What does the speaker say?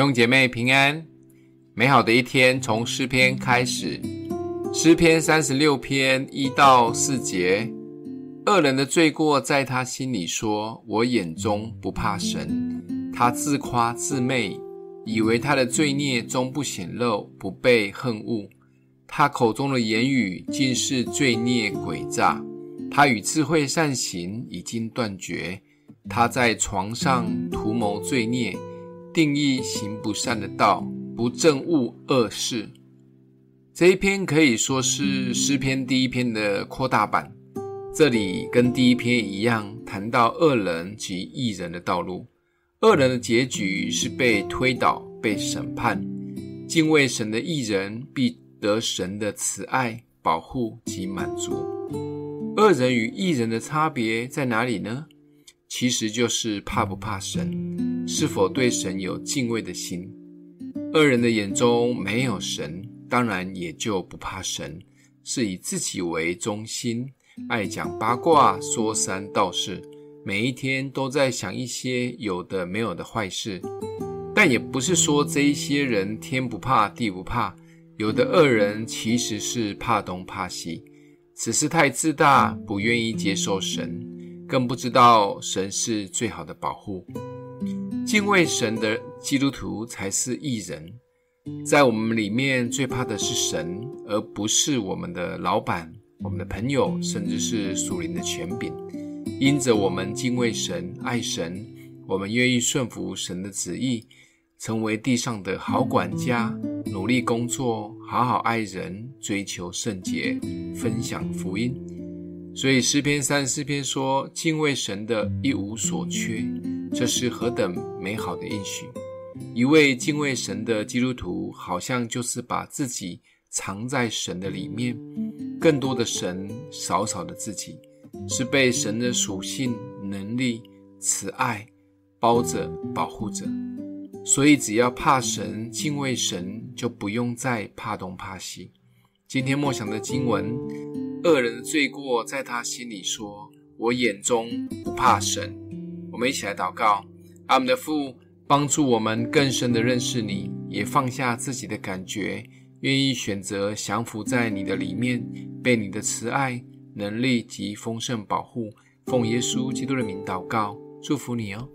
弟兄姐妹平安，美好的一天從詩篇開始。詩篇三十六篇一到四節，惡人的罪過在他心裡說，說我眼中不怕神，他自誇自媚，以為他的罪孽終不顯露，不被恨惡。他口中的言語盡是罪孽詭詐，他與智慧善行已經斷絕，他在床上圖謀罪孽。定意行不善的道，不憎惡惡事。這一篇可以說是詩篇第一篇的擴大版。這裡跟第一篇一樣，談到惡人及義人的道路。惡人的結局是被推倒、被審判；敬畏神的義人必得神的慈愛、保護及滿足。惡人與義人的差別在哪裡呢？其實就是怕不怕神。是否對神有敬畏的心？惡人的眼中沒有神，當然也就不怕神，是以自己為中心，愛講八卦，說三道四，每一天都在想一些有的沒有的壞事。但也不是說這一些人天不怕地不怕，有的惡人其實是怕東怕西，只是太自大，不願意接受神，更不知道神是最好的保護。敬畏神的基督徒才是義人，在我們裡面最怕的是神，而不是我們的老闆、我們的朋友，甚至是屬靈的權柄。因着我們敬畏神、愛神，我們願意順服神的旨意，成為地上的好管家，努力工作，好好愛人，追求聖潔，分享福音。所以詩篇三十四篇說：“敬畏神的一無所缺。”這是何等美好的應許！一位敬畏神的基督徒，好像就是把自己藏在神的裡面，更多的神，少少的自己，是被神的屬性、能力、慈愛包着、保護着。所以，只要怕神、敬畏神，就不用再怕東怕西。今天默想的經文：惡人的罪過在他心裡說，說我眼中不怕神。我們一起來禱告，愛我們的父，幫助我們更深的認識你，也放下自己的感覺，願意選擇降服在你的裡面，被你的慈愛、能力及豐盛保護。奉耶穌基督的名禱告，祝福你哦。